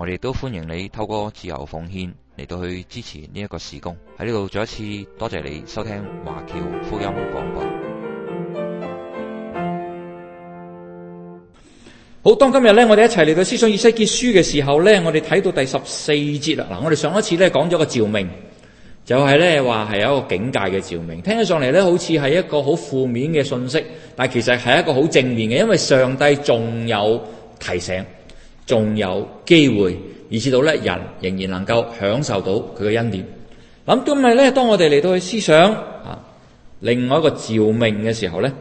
我哋都歡迎你透過自由奉獻嚟到去支持呢一個事工。喺呢度再一次多謝你收聽華僑福音廣播。好，當今日咧，我哋一齊嚟到思想以西結書嘅時候咧，我哋睇到第十四節啦。嗱，我哋上一次咧講咗個照明，就係咧話係一個警戒嘅照明，聽起上嚟咧好似係一個好負面嘅信息，但係其實係一個好正面嘅，因為上帝仲有提醒。仲有機會，以至到咧，人仍然能夠享受到佢嘅恩典。咁今日咧，當我哋嚟到去思想啊，另外一個召命嘅時候咧，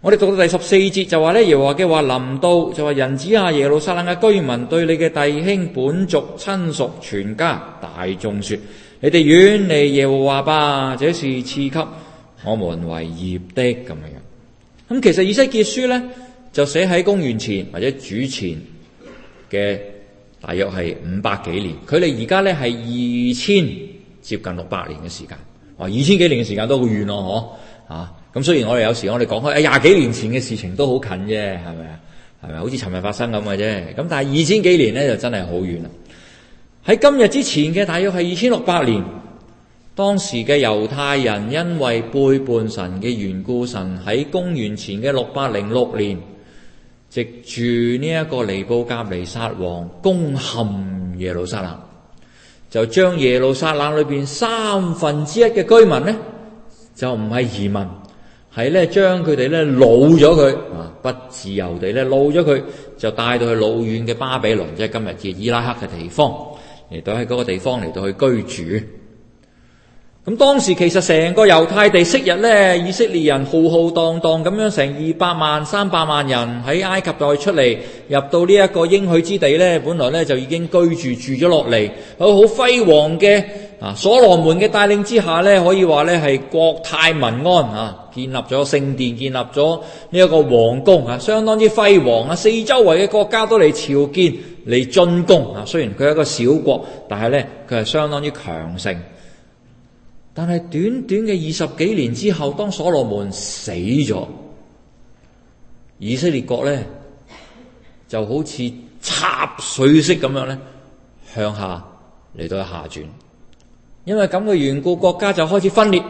我哋讀到第十四節就話咧，耶和華嘅話臨到就話人子啊，耶路撒冷嘅居民對你嘅弟兄、本族、親屬、全家、大眾説：你哋遠離耶和華吧，這是賜給我們為業的咁樣。咁、嗯、其實以西結書咧就寫喺公元前或者主前。嘅大約係五百幾年，佢哋而家咧係二千接近六百年嘅時間，哦啊，啊二千幾年嘅時間都好遠咯，嗬啊！咁雖然我哋有時我哋講開廿幾年前嘅事情都好近啫，係咪啊？係咪好似尋日發生咁嘅啫。咁但係二千幾年呢，就真係好遠啦。喺今日之前嘅大約係二千六百年，當時嘅猶太人因為背叛神嘅緣故，神喺公元前嘅六百零六年，藉住呢一個尼布甲尼撒王攻陷耶路撒冷，就將耶路撒冷裏邊三分之一嘅居民呢，就唔係移民，係咧將佢哋咧擄咗佢啊，不自由地咧擄咗佢，就帶到去老遠嘅巴比倫，即係今日嘅伊拉克嘅地方嚟到喺嗰個地方嚟到去居住。咁當時其實成個猶太地昔日呢，以色列人浩浩蕩蕩咁樣成二百萬三百萬人喺埃及代出嚟入到呢一個應許之地呢，本來呢就已經居住住咗落嚟，好輝煌嘅啊！所羅門嘅帶領之下呢，可以話呢係國泰民安啊！建立咗聖殿，建立咗呢一個皇宮啊，相當之輝煌啊！四周圍嘅國家都嚟朝見嚟進貢啊，雖然佢係一個小國，但係呢，佢係相當之強盛。但係短短嘅二十幾年之後，當所羅門死咗，以色列國呢就好似插水式咁樣咧，向下嚟到下轉。因為咁嘅緣故，國家就開始分裂。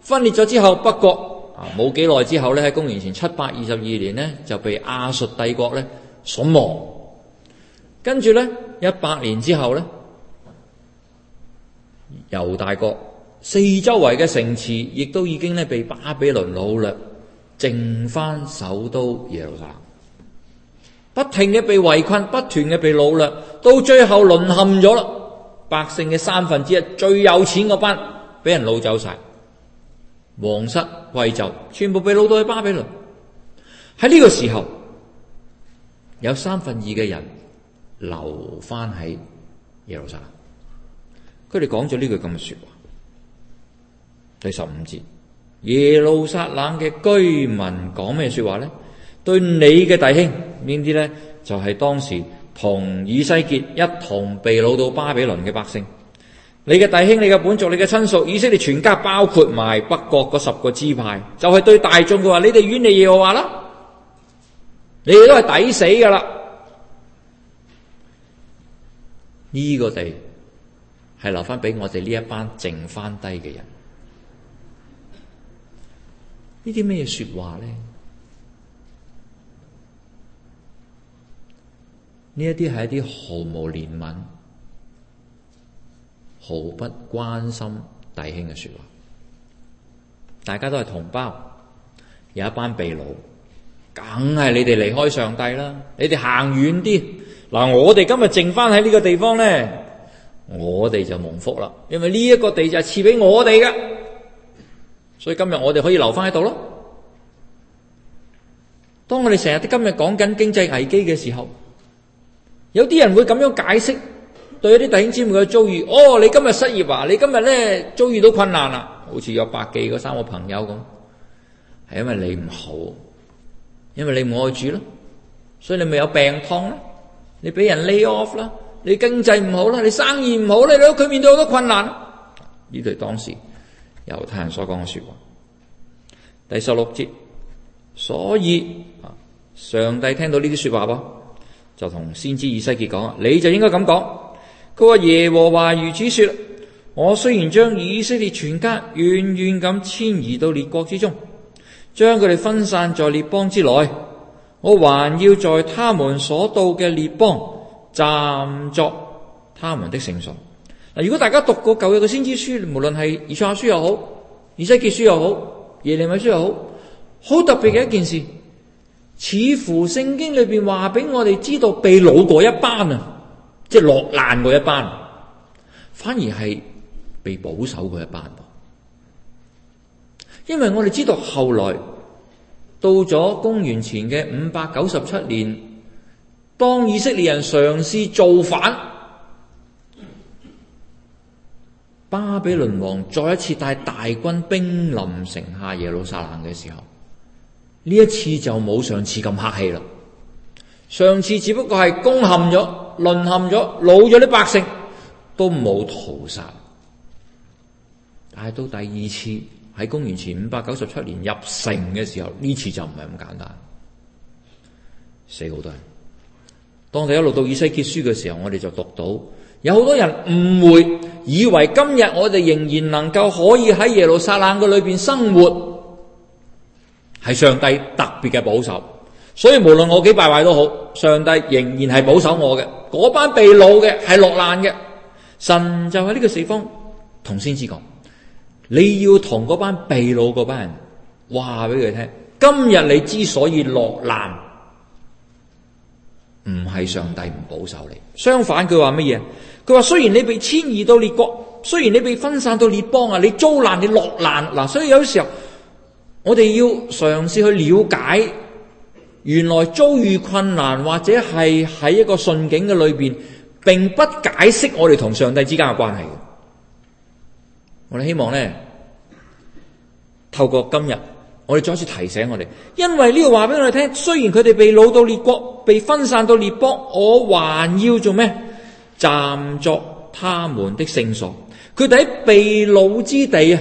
分裂咗之後，北國啊冇幾耐之後呢，喺公元前七百二十二年呢，就被亞述帝國呢所亡。跟住呢，一百年之後呢，猶大國。四周圍嘅城池亦都已經咧被巴比倫擄掠，剩翻首都耶路撒，不停嘅被圍困，不停嘅被擄掠，到最後淪陷咗啦。百姓嘅三分之一最有錢嗰班俾人擄走晒，皇室貴族全部被擄到去巴比倫。喺呢個時候，有三分二嘅人留翻喺耶路撒，佢哋講咗呢句咁嘅說話。第十五節，耶路撒冷嘅居民講咩說話呢？對你嘅弟兄，呢啲呢？就係當時同以西結一同被擄到巴比倫嘅百姓。你嘅弟兄，你嘅本族，你嘅親屬，以色列全家，包括埋北國嗰十個支派，就係對大眾嘅話：你哋遠離耶和華啦，你哋都係抵死噶啦。呢個地係留翻俾我哋呢一班剩翻低嘅人。呢啲咩嘢說話咧？呢一啲係一啲毫無憐憫、毫不關心弟兄嘅說話。大家都係同胞，有一班被擄，梗係你哋離開上帝啦！你哋行遠啲，嗱我哋今日剩翻喺呢個地方咧，我哋就蒙福啦，因為呢一個地就係賜俾我哋嘅。所以今日我哋可以留翻喺度咯。當我哋成日都今日講緊經濟危機嘅時候，有啲人會咁樣解釋對一啲弟兄姊妹嘅遭遇。哦，你今日失業啊，你今日咧遭遇到困難啦，好似約伯記嗰三個朋友咁，係因為你唔好，因為你唔愛主咯，所以你咪有病痛咧，你俾人 lay off 啦，你經濟唔好啦，你生意唔好咧，佢面對好多困難。呢對當時。猶太人所講嘅說話，第十六節，所以啊，上帝聽到呢啲說話噃，就同先知以西結講：你就應該咁講。佢話耶和華如此說：我雖然將以色列全家遠遠咁遷移到列國之中，將佢哋分散在列邦之內，我還要在他們所到嘅列邦暫作他們的聖所。如果大家讀過舊約嘅先知書，無論係以賽亞書又好，以西結書又好，耶利米書又好，好特別嘅一件事，嗯、似乎聖經裏邊話俾我哋知道，被擄過一班啊，即係落難過一班，反而係被保守過一班。因為我哋知道後來到咗公元前嘅五百九十七年，當以色列人嘗試造反。巴比倫王再一次帶大軍兵臨城下耶路撒冷嘅時候，呢一次就冇上次咁客氣啦。上次只不過係攻陷咗、淪陷咗、老咗啲百姓都冇屠殺，但係到第二次喺公元前五百九十七年入城嘅時候，呢次就唔係咁簡單，死好多人。當你一路到以西結書嘅時候，我哋就讀到。有好多人誤會，以為今日我哋仍然能夠可以喺耶路撒冷嘅裏邊生活，係上帝特別嘅保守。所以無論我幾敗壞都好，上帝仍然係保守我嘅。嗰班被擄嘅係落難嘅，神就喺呢個地方同先知講：你要同嗰班被擄嗰班人話俾佢聽，今日你之所以落難。唔係上帝唔保守你，相反佢話乜嘢？佢話，雖然你被遷移到列國，雖然你被分散到列邦啊，你遭難你落難嗱，所以有啲時候我哋要嘗試去了解，原來遭遇困難或者係喺一個順境嘅裏邊，並不解釋我哋同上帝之間嘅關係。我哋希望咧，透過今日。我哋再一次提醒我哋，因為呢個話俾我哋聽，雖然佢哋被擄到列國，被分散到列邦，我還要做咩？暫作他們的聖所。佢哋喺被擄之地啊，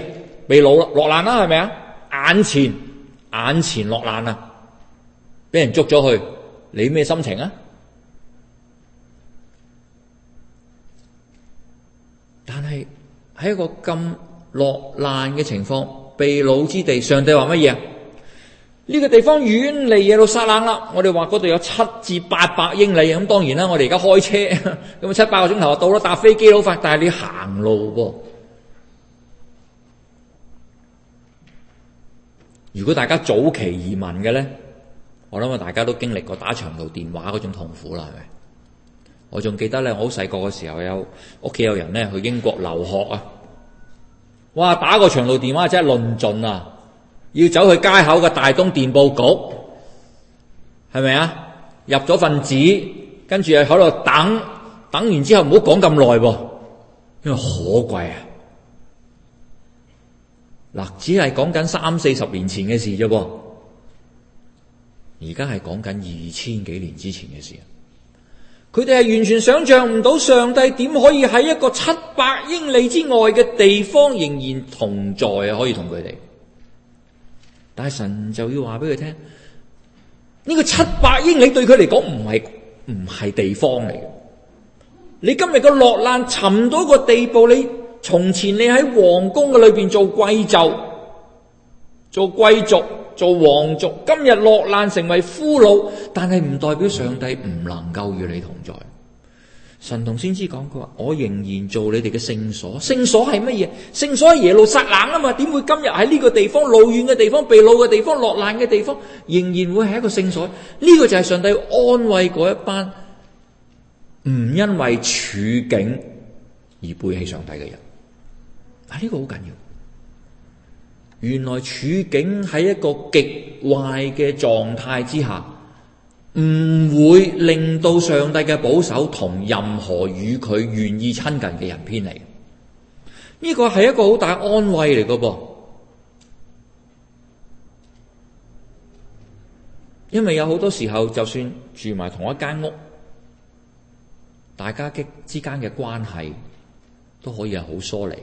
被擄啦，落難啦，係咪啊？眼前眼前落難啊，俾人捉咗去，你咩心情啊？但係喺一個咁落難嘅情況。被擄之地，上帝話乜嘢？呢、這個地方遠離耶路撒冷啦。我哋話嗰度有七至八百英里，咁當然啦。我哋而家開車，咁七八個鐘頭就到啦。搭飛機好快，但係你行路噃。如果大家早期移民嘅咧，我諗啊，大家都經歷過打長途電話嗰種痛苦啦，係咪？我仲記得咧，我好細個嘅時候有，有屋企有人咧去英國留學啊。哇！打個長途電話真係論盡啊！要走去街口嘅大東電報局，係咪啊？入咗份紙，跟住喺度等等完之後，唔好講咁耐喎，因為好貴啊！嗱，只係講緊三四十年前嘅事啫噃，而家係講緊二千幾年之前嘅事啊！佢哋係完全想象唔到上帝點可以喺一個七百英里之外嘅地方仍然同在啊，可以同佢哋。但係神就要話俾佢聽，呢個七百英里對佢嚟講唔係唔係地方嚟嘅。你今日個落難沉到個地步，你從前你喺皇宮嘅裏邊做貴胄。做貴族、做皇族，今日落難成為俘虜，但係唔代表上帝唔能夠與你同在。神同先知講，佢話我仍然做你哋嘅聖所。聖所係乜嘢？聖所係耶路撒冷啊嘛？點會今日喺呢個地方、老遠嘅地方、被擄嘅地方、落難嘅地方，仍然會係一個聖所？呢、呢個就係上帝安慰嗰一班唔因為處境而背棄上帝嘅人。啊，呢個好緊要。原來處境喺一個極壞嘅狀態之下，唔會令到上帝嘅保守同任何與佢願意親近嘅人偏離。呢個係一個好大安慰嚟嘅噃，因為有好多時候，就算住埋同一間屋，大家之間嘅關係都可以係好疏離。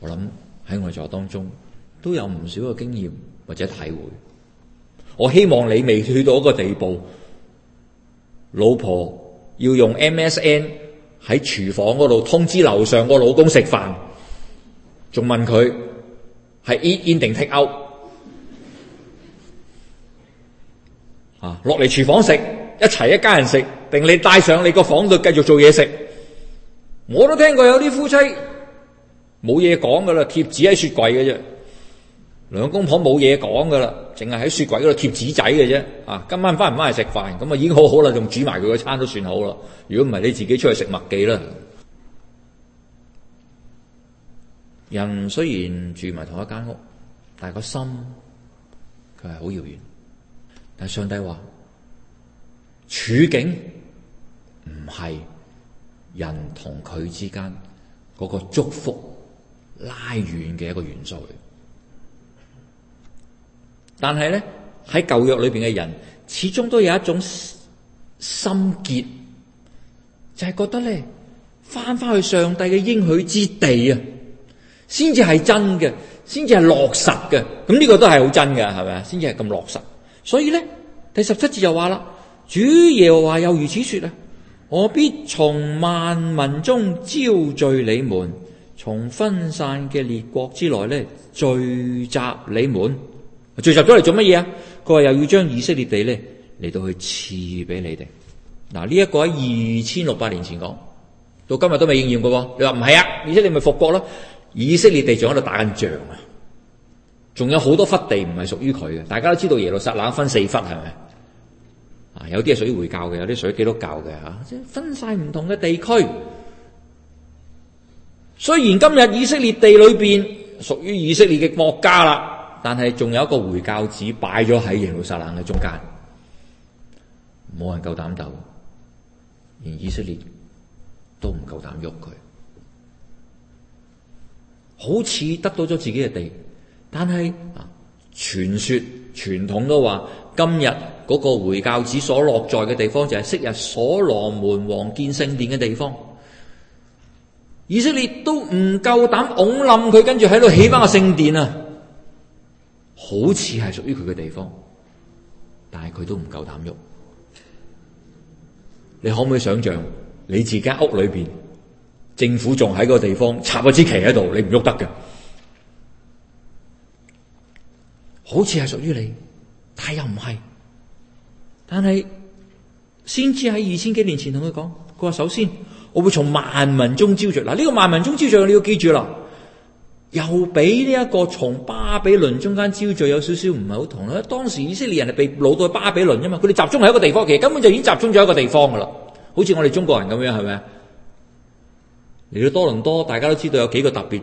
我諗。喺外座當中都有唔少嘅經驗或者體會，我希望你未去到一個地步，老婆要用 MSN 喺廚房嗰度通知樓上個老公食飯，仲問佢係 eat in 定 take out？啊，落嚟廚房食一齊一家人食，定你帶上你個房度繼續做嘢食？我都聽過有啲夫妻。冇嘢講噶啦，貼紙喺雪櫃嘅啫。兩公婆冇嘢講噶啦，淨係喺雪櫃嗰度貼紙仔嘅啫。啊，今晚翻唔翻嚟食飯？咁啊，已經好好啦，仲煮埋佢個餐都算好啦。如果唔係，你自己出去食麥記啦。人雖然住埋同一間屋，但係個心佢係好遙遠。但係上帝話處境唔係人同佢之間嗰個祝福。拉遠嘅一個元素，但係咧喺舊約裏邊嘅人，始終都有一種心結，就係、是、覺得咧翻翻去上帝嘅應許之地啊，先至係真嘅，先至係落實嘅。咁呢個都係好真嘅，係咪啊？先至係咁落實。所以咧，第十七節又話啦，主耶和華又如此說啊：我必從萬民中招聚你們。從分散嘅列國之內咧聚集你們，聚集咗嚟做乜嘢啊？佢話，又要將以色列地咧嚟到去賜俾你哋。嗱，呢一個喺二千六百年前講，到今日都未應驗過喎。你話唔係啊？而且你咪復國咯？以色列地仲喺度打緊仗啊！仲有好多忽地唔係屬於佢嘅，大家都知道耶路撒冷分四忽係咪啊？有啲係屬於回教嘅，有啲屬於基督教嘅吓，分晒唔同嘅地區。雖然今日以色列地裏邊屬於以色列嘅國家啦，但係仲有一個回教寺擺咗喺耶路撒冷嘅中間，冇人夠膽鬥，連以色列都唔夠膽喐佢。好似得到咗自己嘅地，但係啊，傳說傳統都話，今日嗰個回教寺所落在嘅地方，就係昔日所羅門王建聖殿嘅地方。以色列都唔夠膽拱冧佢，跟住喺度起翻個聖殿啊！好似係屬於佢嘅地方，但係佢都唔夠膽喐。你可唔可以想象你自己間屋裏邊，政府仲喺個地方插咗支旗喺度，你唔喐得㗎？好似係屬於你，但又唔係。但係先知喺二千幾年前同佢講，佢話首先。我會從萬民中招聚，嗱、這、呢個萬民中招聚，你要記住啦，又俾呢一個從巴比倫中間招聚，有少少唔係好同啦。當時以色列人係被擄到去巴比倫吖嘛，佢哋集中喺一個地方，其實根本就已經集中咗一個地方噶啦。好似我哋中國人咁樣，係咪？嚟到多倫多，大家都知道有幾個特別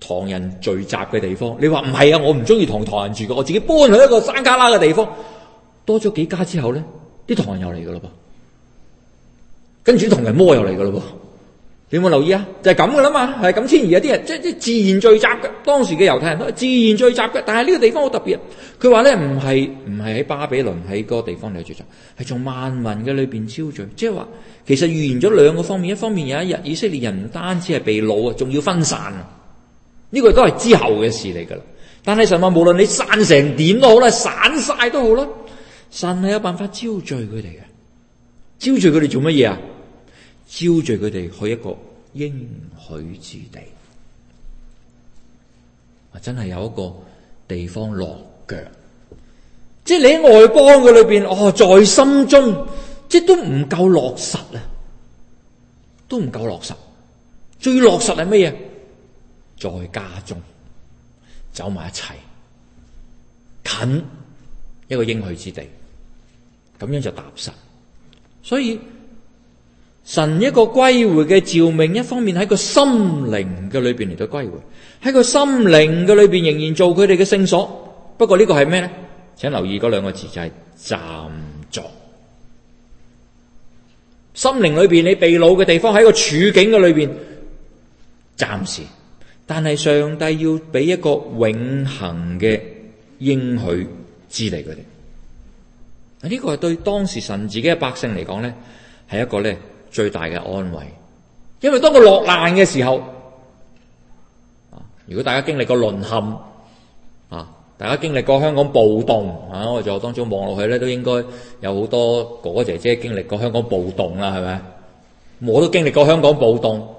唐人聚集嘅地方。你話唔係啊？我唔中意同唐人住嘅，我自己搬去一個山卡拉嘅地方。多咗幾家之後咧，啲唐人又嚟噶啦噃。跟住同人摸又嚟噶咯喎，你有冇留意啊？就係咁噶啦嘛，係咁遷移，有啲人即係即自然聚集嘅，當時嘅猶太人都自然聚集嘅。但係呢個地方好特別，佢話咧唔係唔係喺巴比倫喺嗰個地方嚟聚集，係從萬民嘅裏邊招聚。即係話其實預言咗兩個方面，一方面有一日以色列人唔單止係被擄啊，仲要分散啊。呢、這個亦都係之後嘅事嚟噶啦。但係神話無論你散成點都好啦，散晒都好啦，神係有辦法招聚佢哋嘅。招聚佢哋做乜嘢啊？招聚佢哋去一個應許之地，啊，真係有一個地方落腳。即係你喺外邦嘅裏邊，哦，在心中，即係都唔夠落實啊，都唔夠落實。最落實係乜嘢？在家中走埋一齊，近一個應許之地，咁樣就踏實。所以。神一個歸回嘅召命，一方面喺個心靈嘅裏邊嚟到歸回喺個心靈嘅裏邊，仍然做佢哋嘅聖所。不過個呢個係咩咧？請留意嗰兩個字就係暫坐心靈裏邊，你被擄嘅地方喺個處境嘅裏邊暫時，但係上帝要俾一個永恆嘅應許，知嚟佢哋啊。呢個係對當時神自己嘅百姓嚟講咧，係一個咧。最大嘅安慰，因為當佢落難嘅時候，如果大家經歷過淪陷，啊，大家經歷過香港暴動，啊，我哋當中望落去咧，都應該有好多哥哥姐姐經歷過香港暴動啦，係咪？我都經歷過香港暴動，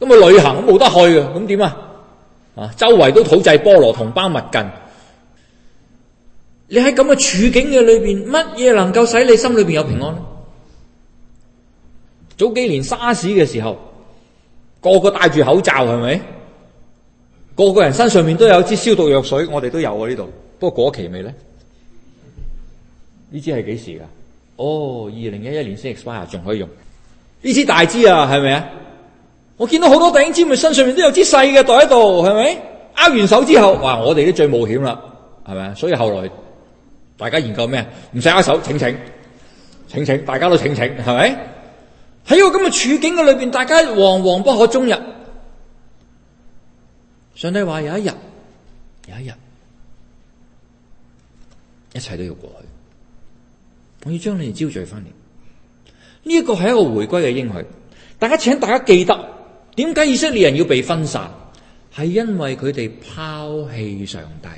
咁啊，旅行都冇得去嘅，咁點啊？啊，周圍都土製菠蘿，同胞勿近，你喺咁嘅處境嘅裏邊，乜嘢能夠使你心裏邊有平安？嗯早幾年沙士嘅時候，個個戴住口罩係咪？個個人身上面都有支消毒藥水，我哋都有啊呢度。不過過期未咧？呢支係幾時噶？哦，二零一一年先 expire 仲可以用。呢支大支啊，係咪啊？我見到好多頂姊妹身上面都有支細嘅袋喺度，係咪？握完手之後，哇！我哋啲最冒險啦，係咪啊？所以後來大家研究咩？唔使握手，請請，請請，大家都請請，係咪？喺個咁嘅處境嘅裏邊，大家惶惶不可終日。上帝話，有一日，有一日，一切都要過去。我要將你哋招聚翻嚟。呢一個係一個回歸嘅應許。大家請大家記得，點解以色列人要被分散，係因為佢哋拋棄上帝。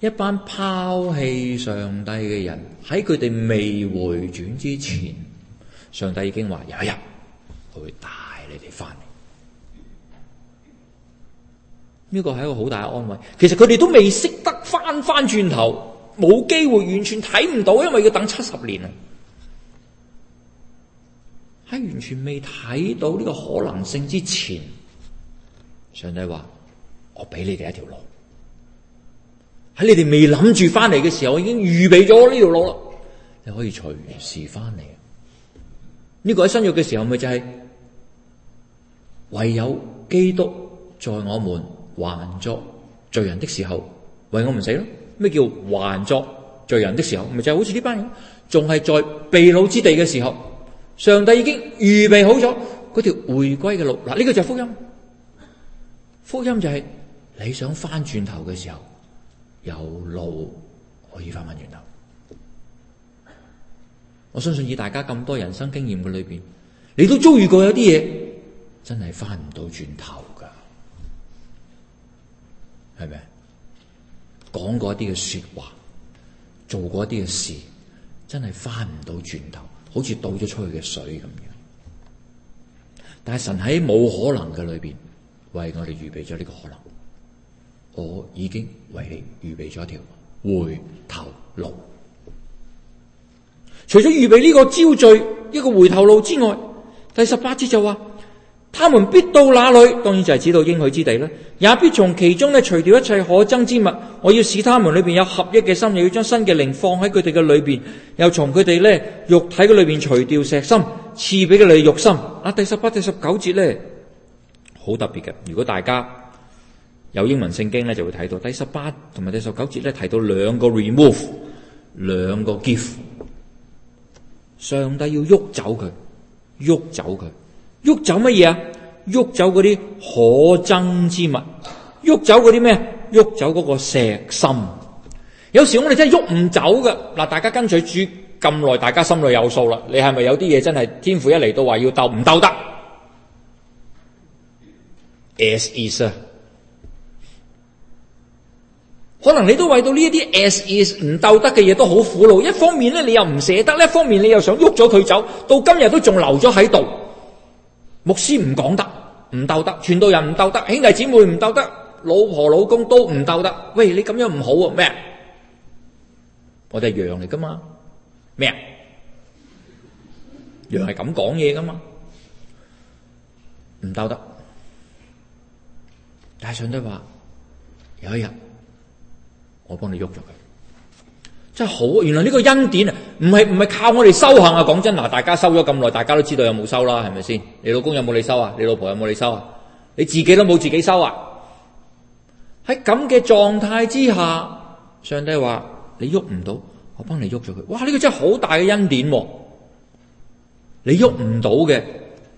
一班拋棄上帝嘅人喺佢哋未回轉之前，上帝已經話：有一日我會帶你哋翻嚟。呢個係一個好大嘅安慰。其實佢哋都未識得翻翻轉頭，冇機會，完全睇唔到，因為要等七十年啊！喺完全未睇到呢個可能性之前，上帝話：我俾你哋一條路。喺你哋未諗住翻嚟嘅時候，已經預備咗呢條路啦。你可以隨時翻嚟。呢、這個喺新約嘅時候，咪就係、是、唯有基督在我們還作罪人的時候為我們死咯。咩叫還作罪人的時候？咪就是、好似呢班人仲係在被擄之地嘅時候，上帝已經預備好咗嗰條回歸嘅路。嗱，呢個就係福音。福音就係你想翻轉頭嘅時候，有路可以翻返轉頭，我相信以大家咁多人生經驗嘅裏邊，你都遭遇過有啲嘢真係翻唔到轉頭㗎，係咪？講過一啲嘅說話，做過一啲嘅事，真係翻唔到轉頭，好似倒咗出去嘅水咁樣。但係神喺冇可能嘅裏邊，為我哋預備咗呢個可能。我已經為你預備咗一條回頭路。除咗預備呢個招聚一個回頭路之外，第十八節就話，他們必到哪裏，當然就係指到應許之地啦。也必從其中咧，除掉一切可憎之物。我要使他們裏邊有合一嘅心，又要將新嘅靈放喺佢哋嘅裏邊，又從佢哋咧肉體嘅裏邊除掉石心，賜俾佢哋肉心。啊，第十八、第十九節咧，好特別嘅。如果大家，有英文聖經咧，就會睇到第十八同埋第十九節咧提到兩個 remove，兩個 give。上帝要喐走佢，喐走佢，喐走乜嘢啊？喐走嗰啲可憎之物，喐走嗰啲咩？喐走嗰個石心。有時我哋真係喐唔走噶。嗱，大家跟隨主咁耐，大家心裏有數啦。你係咪有啲嘢真係天父一嚟到話要鬥唔鬥得 As is 啊？可能你都為到呢一啲 as is 唔鬥得嘅嘢都好苦惱。一方面咧，你又唔捨得；另一方面，你又想喐咗佢走，到今日都仲留咗喺度。牧師唔講得，唔鬥得，傳道人唔鬥得，兄弟姊妹唔鬥得，老婆老公都唔鬥得。喂，你咁樣唔好啊？咩？我哋係羊嚟噶嘛？咩？羊係咁講嘢噶嘛？唔鬥得。但係上帝話有一日。我幫你喐咗佢，真係好！原來呢個恩典唔係唔係靠我哋修行啊！講真嗱，大家修咗咁耐，大家都知道有冇修啦，係咪先？你老公有冇你修啊？你老婆有冇你修啊？你自己都冇自己修啊？喺咁嘅狀態之下，上帝話你喐唔到，我幫你喐咗佢。哇！呢個真係好大嘅恩典啊！你喐唔到嘅，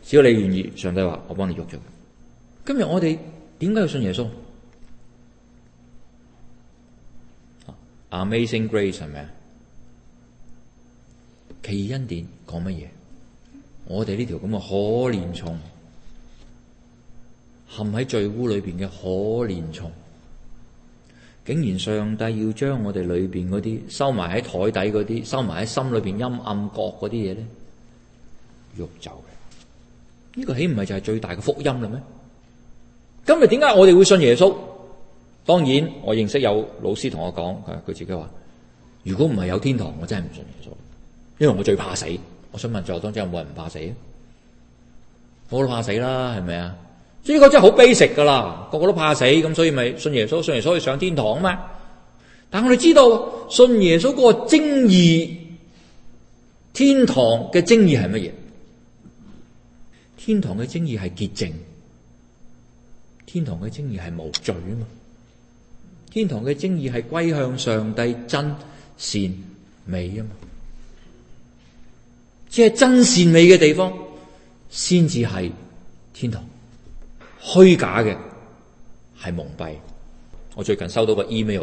只要你願意，上帝話我幫你喐咗佢。今日我哋點解要信耶穌？Amazing Grace 係咪啊？奇恩典講乜嘢？我哋呢條咁嘅可憐蟲，陷喺罪污裏邊嘅可憐蟲，竟然上帝要將我哋裏邊嗰啲收埋喺台底嗰啲，收埋喺心裏邊陰暗角嗰啲嘢咧，喐走嘅，呢、這個豈唔係就係最大嘅福音咧咩？今日點解我哋會信耶穌？當然，我認識有老師同我講，佢自己話：如果唔係有天堂，我真係唔信耶穌，因為我最怕死。我想問在場當真有冇人唔怕死？我都怕死啦，係咪啊？呢個真係好 basic 噶啦個個都怕死，咁所以咪信耶穌，信耶穌可以上天堂嘛。但我哋知道信耶穌個精義，天堂嘅精義係乜嘢？天堂嘅精義係潔淨，天堂嘅精義係無罪啊嘛。天堂嘅精義係歸向上帝真善美啊嘛！只係真善美嘅地方，先至係天堂。虛假嘅係蒙蔽。我最近收到個 email，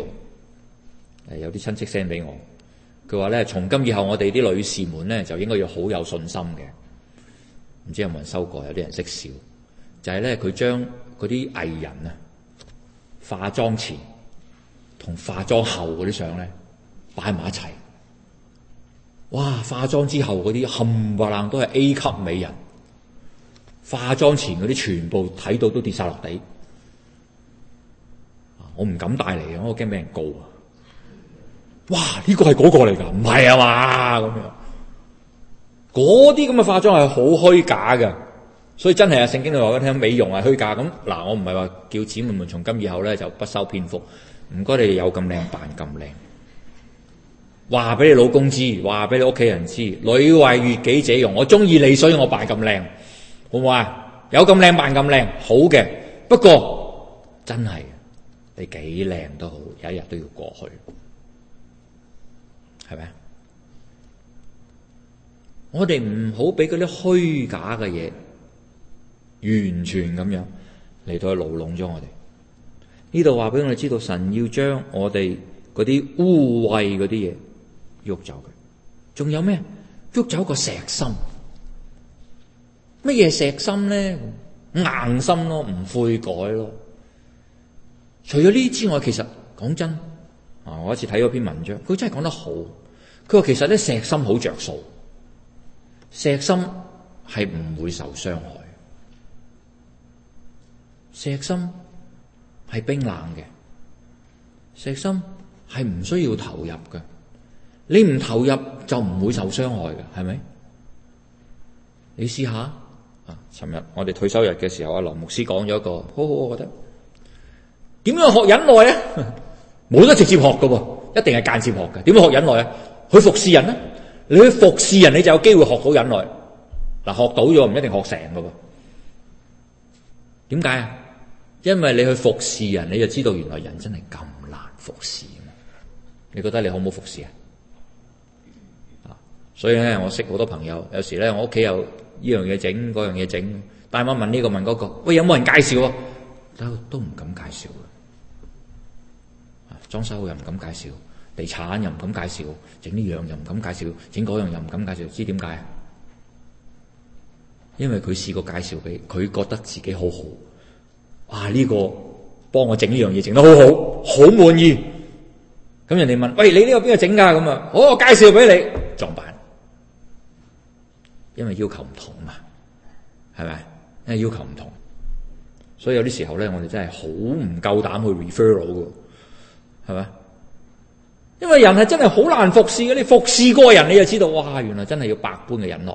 誒，有啲親戚 send 俾我，佢話咧，從今以後我哋啲女士們咧就應該要好有信心嘅。唔知有冇人收過？有啲人識笑，就係咧佢將嗰啲藝人啊化妝前。同化妝後嗰啲相咧擺埋一齊，哇！化妝之後嗰啲冚唪唥都係 A 級美人，化妝前嗰啲全部睇到都跌晒落地。我唔敢帶嚟，我驚俾人告啊！哇！呢個係嗰個嚟噶，唔係啊嘛？咁樣嗰啲咁嘅化妝係好虛假嘅，所以真係啊。聖經話俾我聽美容係虛假咁嗱，我唔係話叫姊妹們從今以後咧就不修邊幅。唔該，你有咁靚扮咁靚，話俾你老公知，話俾你屋企人知，女為悅己者容，我中意你，所以我扮咁靚，好唔好啊？有咁靚扮咁靚，好嘅。不過真係，你幾靚都好，有一日都要過去，係咪啊？我哋唔好俾嗰啲虛假嘅嘢，完全咁樣嚟到去牢籠咗我哋。呢度話俾我哋知道，神要將我哋嗰啲污穢嗰啲嘢喐走，佢仲有咩？喐走個石心，乜嘢石心咧？硬心咯，唔悔改咯。除咗呢之外，其實講真，啊，我一次睇咗篇文章，佢真係講得好。佢話其實咧，石心好着數，石心係唔會受傷害，石心。係冰冷嘅，石心係唔需要投入嘅，你唔投入就唔會受傷害嘅，係咪？你試下啊！尋日我哋退休日嘅時候，阿羅牧師講咗一個，好好，我覺得點樣學忍耐啊？冇得直接學㗎喎，一定係間接學嘅。點樣學忍耐啊？去服侍人啦，你去服侍人，你就有機會學到忍耐。嗱，學到咗唔一定學成㗎喎，點解啊？因為你去服侍人，你就知道原來人真係咁難服侍。你覺得你好唔好服侍啊？啊，所以咧，我識好多朋友，有時咧，我屋企又呢樣嘢整，嗰樣嘢整，大媽問呢個問嗰個，喂有冇人介紹？但都都唔敢介紹。啊，裝修又唔敢介紹，地產又唔敢介紹，整呢樣又唔敢介紹，整嗰樣又唔敢介紹，知點解？因為佢試過介紹俾佢，覺得自己好好。啊，呢、這個幫我整呢樣嘢整得好好，好滿意。咁人哋問：喂，你呢個邊個整噶？咁啊，好，我介紹俾你撞板，因為要求唔同嘛，係咪？因為要求唔同，所以有啲時候咧，我哋真係好唔夠膽去 referral 噶，係咪？因為人係真係好難服侍嘅，你服侍過人，你就知道。哇！原來真係要百般嘅忍耐，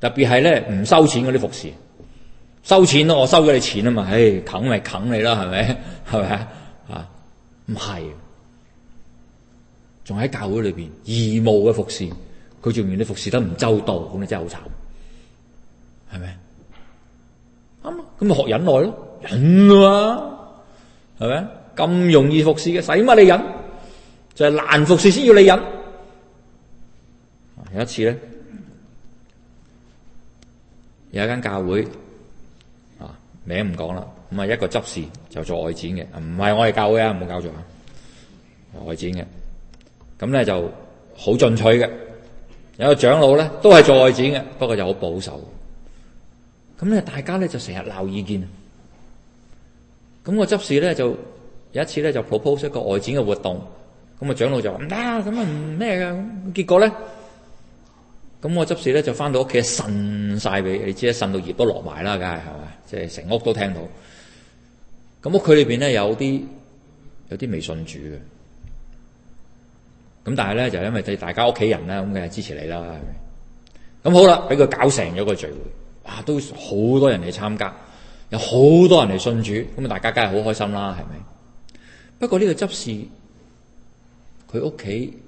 特別係咧唔收錢嗰啲服侍。收錢咯，我收咗你錢啊嘛，唉，啃咪啃你啦，係咪？係咪啊？唔係，仲喺教會裏邊義務嘅服侍，佢仲嫌你服侍得唔周到，咁你真係好慘，係咪？啱啦，咁咪學忍耐咯，忍咯，啊，係咪？咁容易服侍嘅，使乜你忍？就係、是、難服侍，先要你忍。有一次咧，有一間教會。名唔講啦，咁啊一個執事就做外展嘅，唔係我哋教嘅，唔好搞錯啊，外展嘅，咁咧就好進取嘅。有個長老咧都係做外展嘅，不過就好保守。咁咧大家咧就成日鬧意見。咁個執事咧就有一次咧就 propose 一個外展嘅活動，咁啊長老就話唔得，咁啊唔咩㗎，咁結果咧。咁我執事咧就翻到屋企呻晒畀，你知啦，呻到葉都落埋啦，梗係係嘛，即係成屋都聽到。咁屋佢裏邊咧有啲有啲未信主嘅，咁但係咧就係、因為對大家屋企人咧咁梗係支持你啦。咁好啦，俾佢搞成咗個聚會，哇！都好多人嚟參加，有好多人嚟信主，咁啊大家梗係好開心啦，係咪？不過呢個執事佢屋企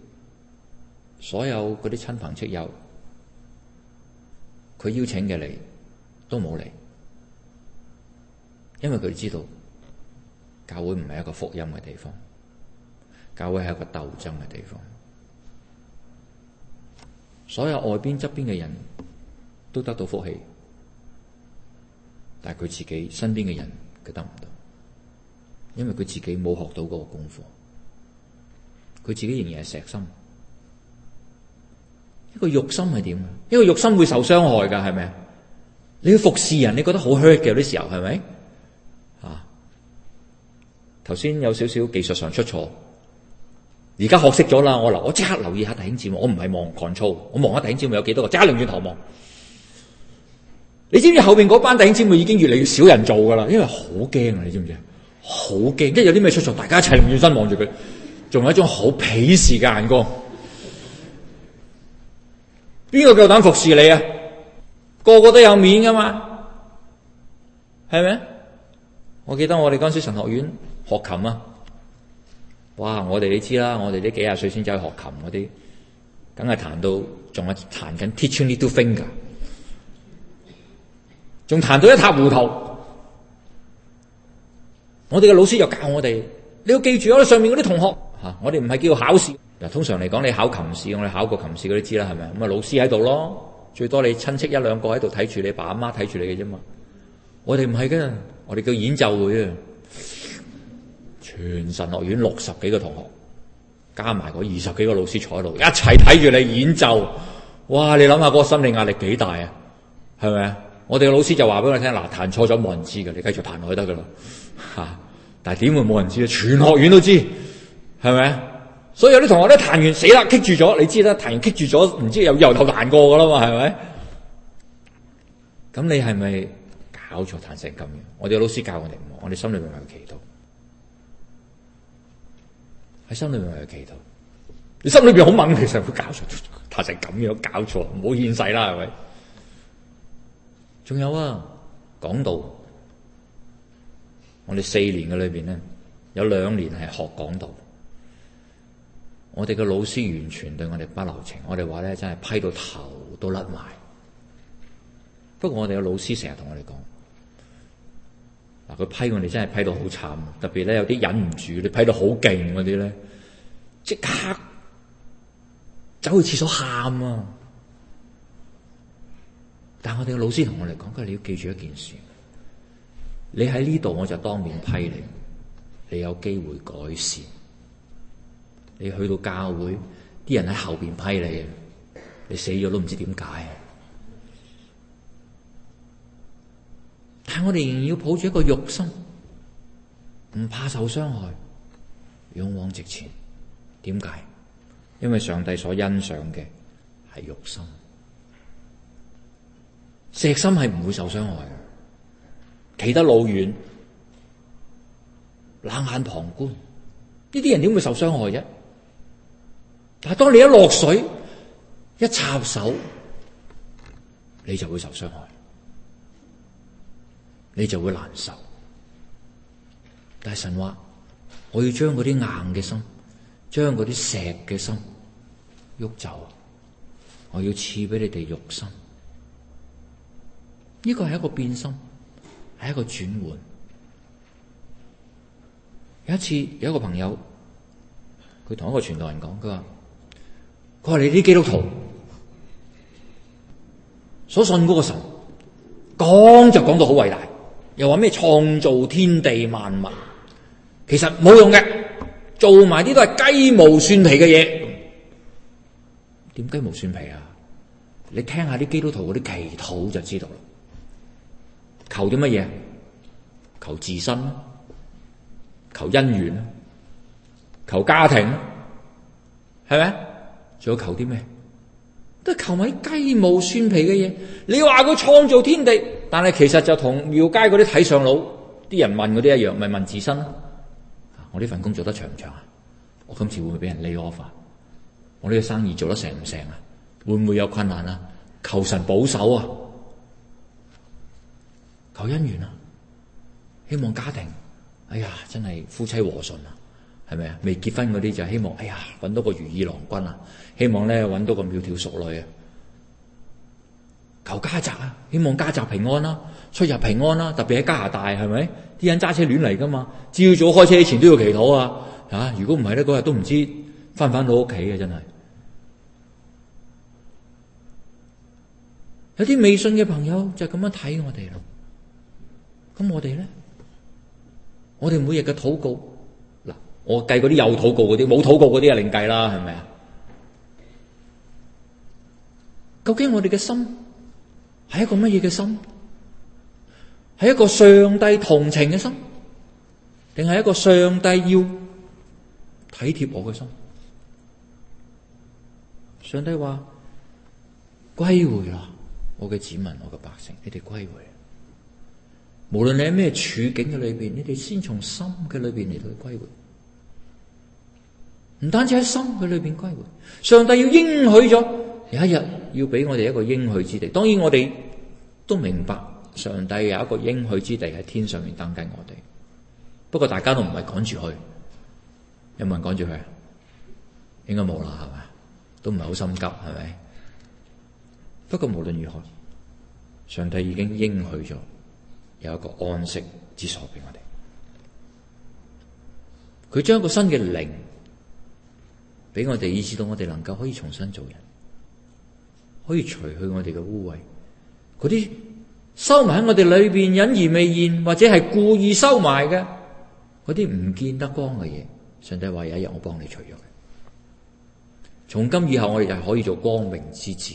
所有嗰啲親朋戚友。佢邀請嘅你都冇嚟，因為佢知道教會唔係一個福音嘅地方，教會係一個鬥爭嘅地方。所有外邊側邊嘅人都得到福氣，但係佢自己身邊嘅人佢得唔到，因為佢自己冇學到嗰個功課，佢自己仍然係石心。一個肉心係點？一個肉心會受傷害噶，係咪？你要服侍人，你覺得好 hurt 嘅有啲時候，係咪？啊！頭先有少少技術上出錯，而家學識咗啦。我留，我即刻留意下弟兄姊妹。我唔係望講粗，我望下弟兄姊妹有幾多個。即刻擰轉頭望。你知唔知後邊嗰班弟兄姊妹已經越嚟越少人做噶啦？因為好驚啊！你知唔知？好驚！一有啲咩出錯，大家一齊擰轉身望住佢，仲有一種好鄙視嘅眼光。邊個夠膽服侍你啊？個個都有面噶嘛，係咪？我記得我哋嗰陣時神學院學琴啊，哇！我哋你知啦，我哋呢幾十歲先走去學琴嗰啲，梗係彈到仲係彈緊《Teaching Little Fingers》噶，仲彈到一塌糊塗。我哋嘅老師又教我哋，你要記住我哋上面嗰啲同學吓，我哋唔係叫考試。通常嚟講，你考琴試，我哋考過琴試嗰啲知啦，係咪？咁啊，老師喺度咯，最多你親戚一兩個喺度睇住你，爸阿媽睇住你嘅啫嘛。我哋唔係嘅，我哋叫演奏會啊！全神學院六十幾個同學，加埋嗰二十幾個老師坐喺度，一齊睇住你演奏。哇！你諗下嗰個心理壓力幾大啊？係咪啊？我哋嘅老師就話俾我聽，嗱、啊、彈錯咗冇人知嘅，你繼續彈落去得噶啦。吓、啊！但係點會冇人知咧？全學院都知，係咪啊？所以有啲同學咧，彈完死啦，棘住咗，你知啦，彈完棘住咗，唔知又由頭彈過噶啦嘛，係咪？咁你係咪搞錯彈成咁樣？我哋老師教我哋，我哋心裏面有祈禱，喺心裏面有祈禱。你心裏邊好猛，其實會搞錯彈成咁樣，搞錯，唔好現世啦，係咪？仲有啊，講道，我哋四年嘅裏邊咧，有兩年係學講道。我哋嘅老師完全對我哋不留情，我哋話咧真係批到頭都甩埋。不過我哋嘅老師成日同我哋講，嗱，佢批我哋真係批到好慘，特別咧有啲忍唔住，你批到好勁嗰啲咧，即刻走去廁所喊啊！但我哋嘅老師同我哋講，佢話你要記住一件事，你喺呢度我就當面批你，你有機會改善。你去到教會，啲人喺後邊批你，你死咗都唔知點解。但係我哋仍然要抱住一個肉心，唔怕受傷害，勇往直前。點解？因為上帝所欣賞嘅係肉心，石心係唔會受傷害嘅。企得老遠，冷眼旁觀，呢啲人點會受傷害啫？但係當你一落水，一插手，你就會受傷害，你就會難受。但係神話，我要將嗰啲硬嘅心，將嗰啲石嘅心，喐走。我要賜俾你哋肉心。呢個係一個變心，係一個轉換。有一次，有一個朋友，佢同一個傳道人講，佢話。我話你啲基督徒所信嗰個神，講就講到好偉大，又話咩創造天地萬物，其實冇用嘅，做埋啲都係雞毛蒜皮嘅嘢。點雞毛蒜皮啊？你聽下啲基督徒嗰啲祈禱就知道啦。求啲乜嘢？求自身，求姻緣，求家庭，係咪？仲有求啲咩？都係求啲雞毛蒜皮嘅嘢。你話佢創造天地，但係其實就同廟街嗰啲睇相佬啲人問嗰啲一樣，咪問自身咯。我呢份工做得長唔長啊？我今次會唔會俾人 lay off 啊？我呢個生意做得成唔成啊？會唔會有困難啊？求神保守啊，求姻緣啊，希望家庭。哎呀，真係夫妻和順啊，係咪啊？未結婚嗰啲就希望，哎呀，搵到個如意郎君啊！希望咧揾到個窈窕淑女啊！求家宅啊！希望家宅平安啦，出入平安啦。特別喺加拿大，係咪？啲人揸車亂嚟噶嘛？朝早開車，開車以前都要祈禱啊！啊，如果唔係咧，嗰日都唔知翻唔翻到屋企嘅，真係。有啲未信嘅朋友就咁樣睇我哋啦。咁我哋咧，我哋每日嘅禱告嗱，我計嗰啲有禱告嗰啲，冇禱告嗰啲啊，另計啦，係咪啊？究竟我哋嘅心係一個乜嘢嘅心？係一個上帝同情嘅心？定係一個上帝要體貼我嘅心？上帝話歸回啦，我嘅子民，我嘅百姓，你哋歸回。無論你喺咩處境嘅裏邊，你哋先從心嘅裏邊嚟到歸回。唔單止喺心嘅裏邊歸回，上帝要應許咗。有一日要俾我哋一個應許之地，當然我哋都明白上帝有一個應許之地喺天上面等緊我哋。不過大家都唔係趕住去，有冇人趕住去啊？應該冇啦，係嘛？都唔係好心急，係咪？不過無論如何，上帝已經應許咗有一個安息之所俾我哋。佢將一個新嘅靈俾我哋，以致到我哋能夠可以重新做人。可以除去我哋嘅污穢，嗰啲收埋喺我哋裏邊隱而未現，或者係故意收埋嘅嗰啲唔見得光嘅嘢，上帝話有一日我幫你除咗佢。從今以後我哋就係可以做光明之子，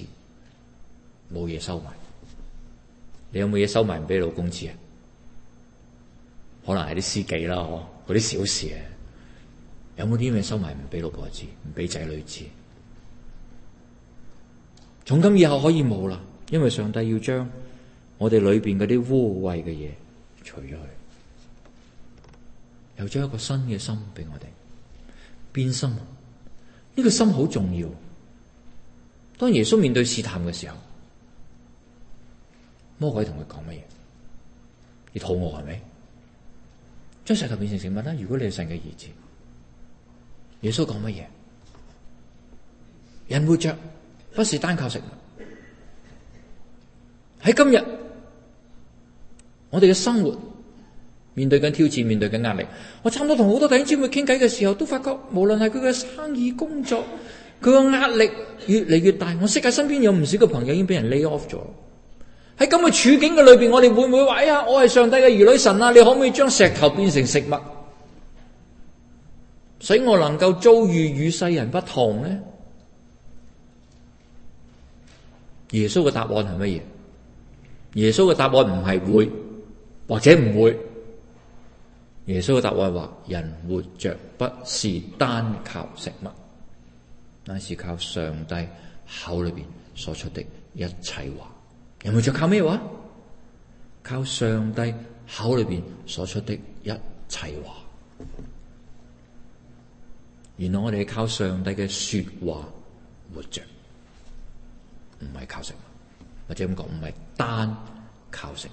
冇嘢收埋。你有冇嘢收埋唔俾老公知啊？可能係啲私己啦，嗰啲小事啊。有冇啲嘢收埋唔俾老婆知，唔俾仔女知？從今以後可以冇啦，因為上帝要將我哋裏邊嗰啲污穢嘅嘢除咗去，又將一個新嘅心俾我哋，變心呢、呢個心好重要。當耶穌面對試探嘅時候，魔鬼同佢講乜嘢？你肚餓係咪？將石頭變成食物啦！如果你係神嘅兒子，耶穌講乜嘢？人活着。」不是單靠食物。喺今日，我哋嘅生活面對緊挑戰，面對緊壓力。我差唔多同好多弟兄姊妹傾偈嘅時候，都發覺無論係佢嘅生意、工作，佢嘅壓力越嚟越大。我識嘅身邊有唔少嘅朋友已經俾人 lay off 咗。喺咁嘅處境嘅裏邊，我哋會唔會話：哎呀，我係上帝嘅兒女神啊！你可唔可以將石頭變成食物，使我能夠遭遇與世人不同呢？耶穌嘅答案係乜嘢？耶穌嘅答案唔係會，或者唔會。耶穌嘅答案話：人活着不是單靠食物，乃是靠上帝口裏邊所出的一切話。人活着靠咩話？靠上帝口裏邊所出的一切話。原來我哋係靠上帝嘅說話活着。唔係靠食，或者咁講，唔係單靠食。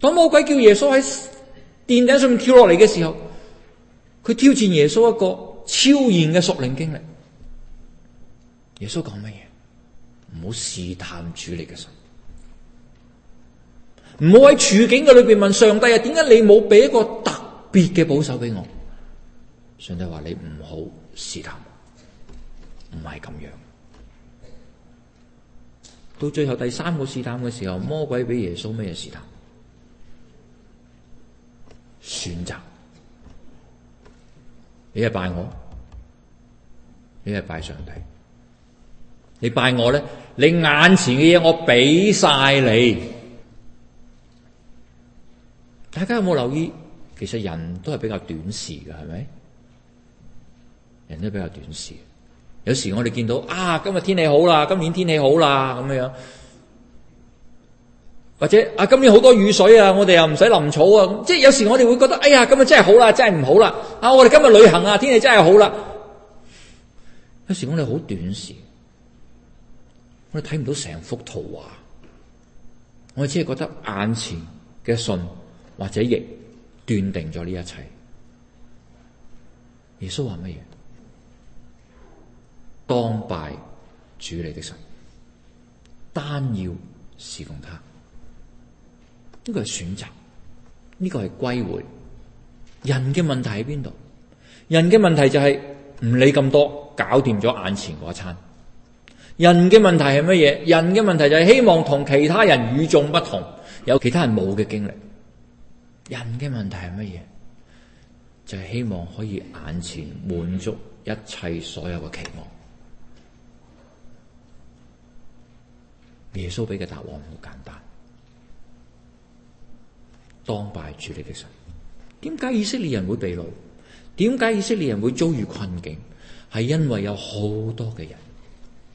當魔鬼叫耶穌喺殿頂上面跳落嚟嘅時候，佢挑戰耶穌一個超然嘅屬靈經歷。耶穌講乜嘢？唔好試探主理嘅神，唔好喺處境嘅裏邊問上帝啊！點解你冇俾一個特別嘅保守俾我？上帝話你唔好試探，唔係咁樣。到最後第三個試探嘅時候，魔鬼俾耶穌咩嘢試探？選擇，你係拜我，你係拜上帝。你拜我咧，你眼前嘅嘢我俾晒你。大家有冇留意？其實人都係比較短視嘅，係咪？人都比較短視。有時我哋見到啊，今日天氣好啦，今年天氣好啦，咁樣，或者啊，今年好多雨水啊，我哋又唔使淋草啊，即係有時我哋會覺得，哎呀，今日真係好啦，真係唔好啦，啊，我哋今日旅行啊，天氣真係好啦。有時我哋好短視，我哋睇唔到成幅圖畫，我哋只係覺得眼前嘅順或者逆，斷定咗呢一切。耶穌話乜嘢？當拜主你的神，單要侍奉他，呢個係選擇，呢個係歸回。人嘅問題喺邊度？人嘅問題就係唔理咁多，搞掂咗眼前嗰一餐。人嘅問題係乜嘢？人嘅問題就係希望同其他人與眾不同，有其他人冇嘅經歷。人嘅問題係乜嘢？就係希望可以眼前滿足一切所有嘅期望。耶穌俾嘅答案好簡單，當拜主你嘅神。點解以色列人會被擄？點解以色列人會遭遇困境？係因為有好多嘅人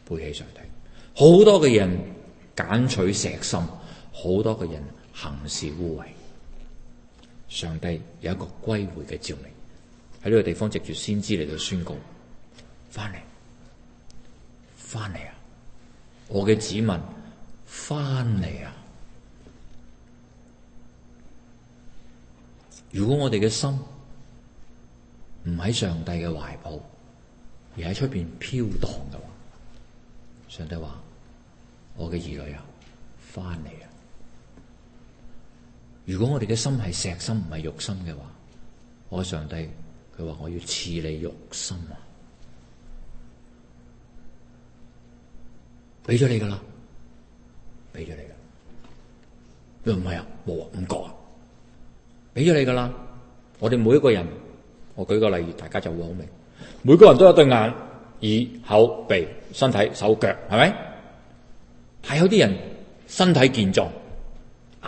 背棄上帝，好多嘅人揀取石心，好多嘅人行事污穢。上帝有一個歸回嘅召命，喺呢個地方藉住先知嚟到宣告：翻嚟，翻嚟啊！我嘅子民。翻嚟啊！如果我哋嘅心唔喺上帝嘅懷抱，而喺出邊飄蕩嘅話，上帝話：我嘅兒女啊，翻嚟啊！如果我哋嘅心係石心，唔係肉心嘅話，我上帝佢話：我要賜你肉心啊！俾咗你㗎喇。你唔係啊，冇啊，唔覺啊，俾咗你噶啦。我哋每一個人，我舉個例子，大家就會好明。每個人都有對眼、耳、口、鼻、身體、手腳，係咪？係有啲人身體健壯，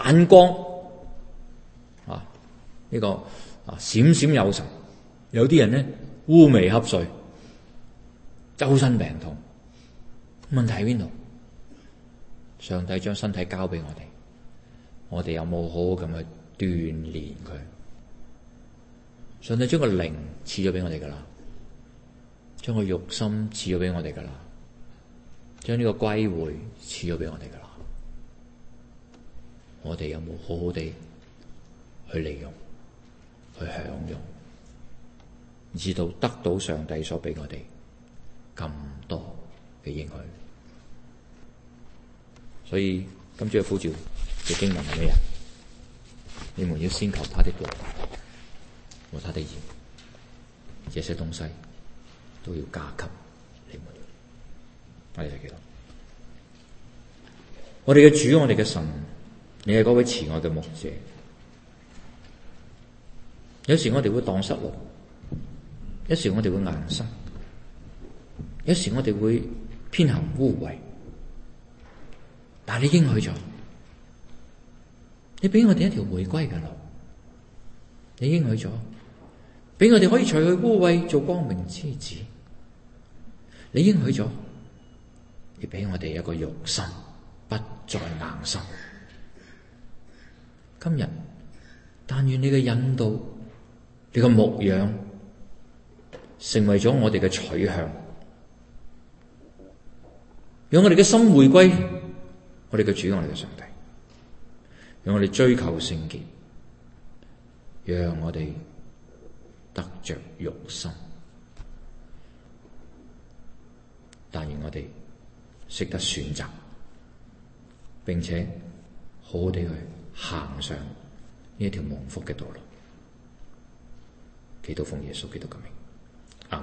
眼光啊呢個啊閃閃有神；有啲人呢，烏眉瞌睡，周身病痛。問題喺邊度？上帝將身體交俾我哋。我哋有冇好好咁去鍛煉佢？上帝將個靈賜咗畀我哋噶啦，將個肉心賜咗畀我哋噶啦，將呢個歸回賜咗俾我哋噶啦。我哋有冇好好地去利用、去享用，以致到得到上帝所畀我哋咁多嘅應許？所以今朝嘅呼召，嘅經文係咩啊？你們要先求他的國和他的義，這些東西都要加給你們。係幾多？我哋嘅主，我哋嘅神，你係嗰位慈愛嘅牧者。有時我哋會蕩失路，有時我哋會硬心，有時我哋會偏行污穢，但你已經去咗。你俾我哋一條回歸嘅路，你應許咗，俾我哋可以除去污穢，做光明之子，你應許咗，亦俾我哋一個肉心，不再硬心。今日，但願你嘅引導，你嘅牧養，成為咗我哋嘅取向，讓我哋嘅心回歸我哋嘅主，我哋嘅上帝。讓我哋追求聖潔，讓我哋得着肉身，但願我哋識得選擇，並且好好地去行上呢一條蒙福嘅道路。祈禱奉耶穌基督嘅名，阿